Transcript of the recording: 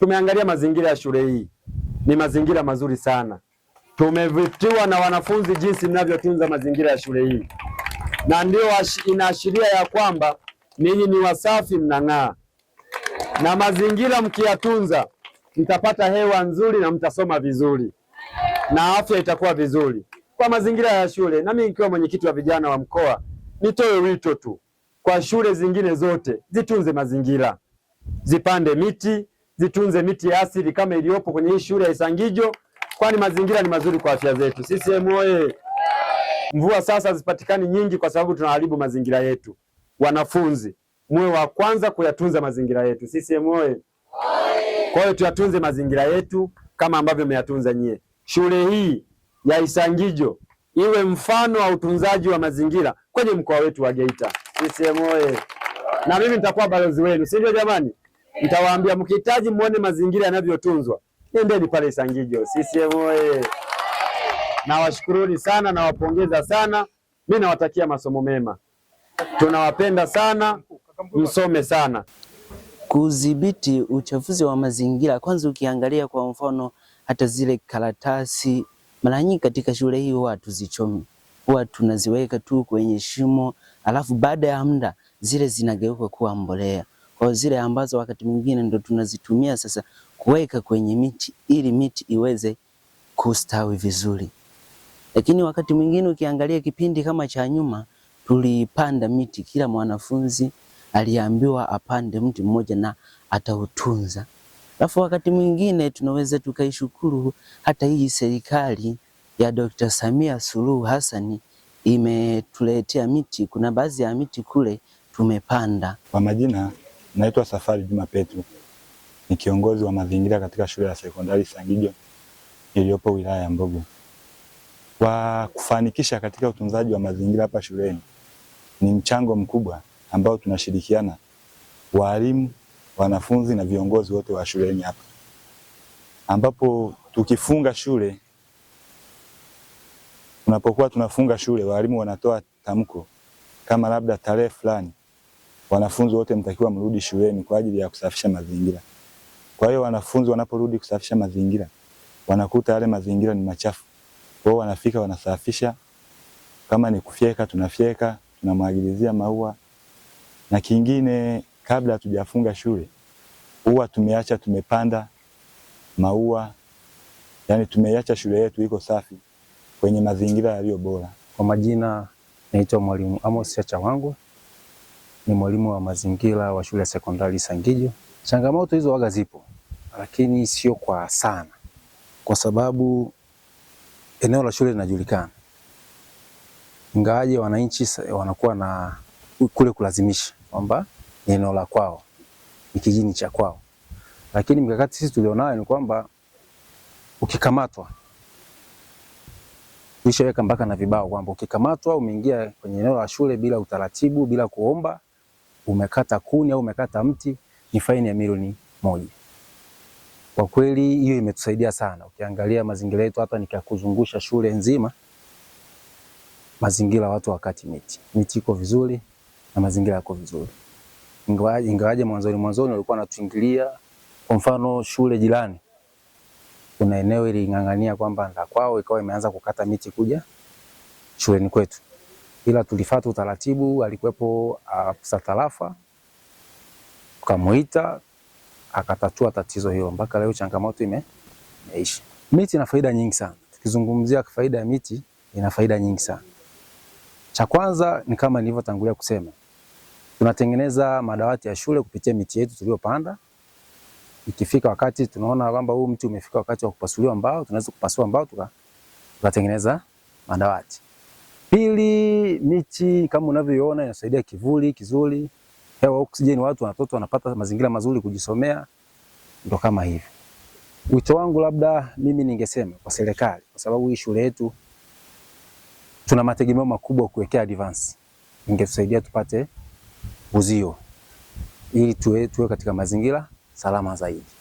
Tumeangalia mazingira ya shule hii, ni mazingira mazuri sana. Tumevutiwa na wanafunzi jinsi mnavyotunza mazingira ya shule hii, na ndio inaashiria ya kwamba ninyi ni wasafi, mnang'aa, na mazingira mkiyatunza mtapata hewa nzuri na mtasoma vizuri na afya itakuwa vizuri kwa mazingira ya shule. Nami nikiwa mwenyekiti wa vijana wa mkoa, nitoe wito tu kwa shule zingine zote zitunze mazingira, zipande miti zitunze miti ya asili kama iliyopo kwenye hii shule ya Isangijo, kwani mazingira ni mazuri kwa afya zetu. CCM oye! Mvua sasa zipatikani nyingi kwa sababu tunaharibu mazingira yetu. Wanafunzi muwe wa kwanza kuyatunza mazingira yetu. CCM oye! Kwa hiyo tuyatunze mazingira yetu kama ambavyo mmeyatunza nyie. Shule hii ya Isangijo iwe mfano wa utunzaji wa mazingira kwenye mkoa wetu wa Geita. CCM oye! Na mimi nitakuwa balozi wenu, si ndio jamani? Nitawaambia mkihitaji muone mazingira yanavyotunzwa, nendeni pale Isangijo. CCM oye! Nawashukuruni sana, nawapongeza sana, mi nawatakia masomo mema. Tunawapenda sana, msome sana. Kudhibiti uchafuzi wa mazingira, kwanza ukiangalia kwa mfano hata zile karatasi, mara nyingi katika shule hii huwa hatuzichomi, huwa tunaziweka tu kwenye shimo, alafu baada ya muda zile zinageuka kuwa mbolea kwa zile ambazo wakati mwingine ndo tunazitumia sasa kuweka kwenye miti ili miti iweze kustawi vizuri. Lakini wakati mwingine ukiangalia kipindi kama cha nyuma, tulipanda miti, kila mwanafunzi aliambiwa apande mti mmoja na atautunza. Alafu wakati mwingine tunaweza tukaishukuru hata hii serikali ya Dr. Samia Suluhu Hassan imetuletea miti. Kuna baadhi ya miti kule tumepanda. Kwa majina Naitwa Safari Juma Petro, ni kiongozi wa mazingira katika shule ya sekondari Sangijo iliyopo wilaya ya Mbogo. Kwa kufanikisha katika utunzaji wa mazingira hapa shuleni, ni mchango mkubwa ambao tunashirikiana walimu, wanafunzi na viongozi wote wa shuleni hapa, ambapo tukifunga shule, tunapokuwa tunafunga shule, walimu wanatoa tamko kama labda tarehe fulani wanafunzi wote mtakiwa mrudi shuleni kwa ajili ya kusafisha mazingira. Kwa hiyo wanafunzi wanaporudi kusafisha mazingira, wanakuta yale mazingira ni machafu. Kwa hiyo wanafika wanasafisha, kama ni kufyeka tunafyeka, tunamwagilizia maua. Na kingine, kabla hatujafunga shule, huwa tumeacha tumepanda maua, yani tumeacha shule yetu iko safi kwenye mazingira yaliyo bora. Kwa majina naitwa Mwalimu Amos Chacha wangu ni mwalimu wa mazingira wa shule ya sekondari Sangijo. Changamoto hizo waga zipo, lakini sio kwa sana, kwa sababu eneo la shule linajulikana, ingawaje wananchi wanakuwa na kule kulazimisha kwamba ni eneo la kwao, ni kijini cha kwao, lakini mikakati sisi tulionayo ni kwamba ukikamatwa tulishaweka mpaka na vibao kwamba ukikamatwa umeingia kwenye eneo la shule bila utaratibu, bila kuomba, umekata kuni au umekata mti ni faini ya milioni moja. Kwa kweli hiyo imetusaidia sana. Ukiangalia mazingira yetu hapa, nikakuzungusha shule nzima, mazingira watu wakati miti miti iko vizuri na mazingira yako vizuri, ingawaje ingawaje mwanzoni mwanzoni walikuwa wanatuingilia. Kwa mfano shule jirani kuna eneo iling'ang'ania kwamba ndakwao kwao, ikawa imeanza kukata miti kuja shuleni kwetu ila tulifata utaratibu. Alikuwepo ah, afisa tarafa, tukamuita akatatua tatizo hilo. Mpaka leo changamoto imeisha. Miti ina faida nyingi sana. Tukizungumzia faida ya miti, ina faida nyingi sana. Cha kwanza ni kama nilivyotangulia kusema, tunatengeneza madawati ya shule kupitia miti yetu tuliyopanda. Ikifika wakati tunaona kwamba huu mti umefika wakati wa kupasuliwa mbao, tunaweza kupasua mbao tukatengeneza madawati. Pili, miti kama unavyoiona inasaidia kivuli kizuri, hewa oksijeni, watu watoto wanapata mazingira mazuri kujisomea, ndo kama hivyo Wito wangu labda mimi ningesema kwa serikali, kwa sababu hii shule yetu tuna mategemeo makubwa kuwekea advance, ingetusaidia tupate uzio ili tuwe, tuwe katika mazingira salama zaidi.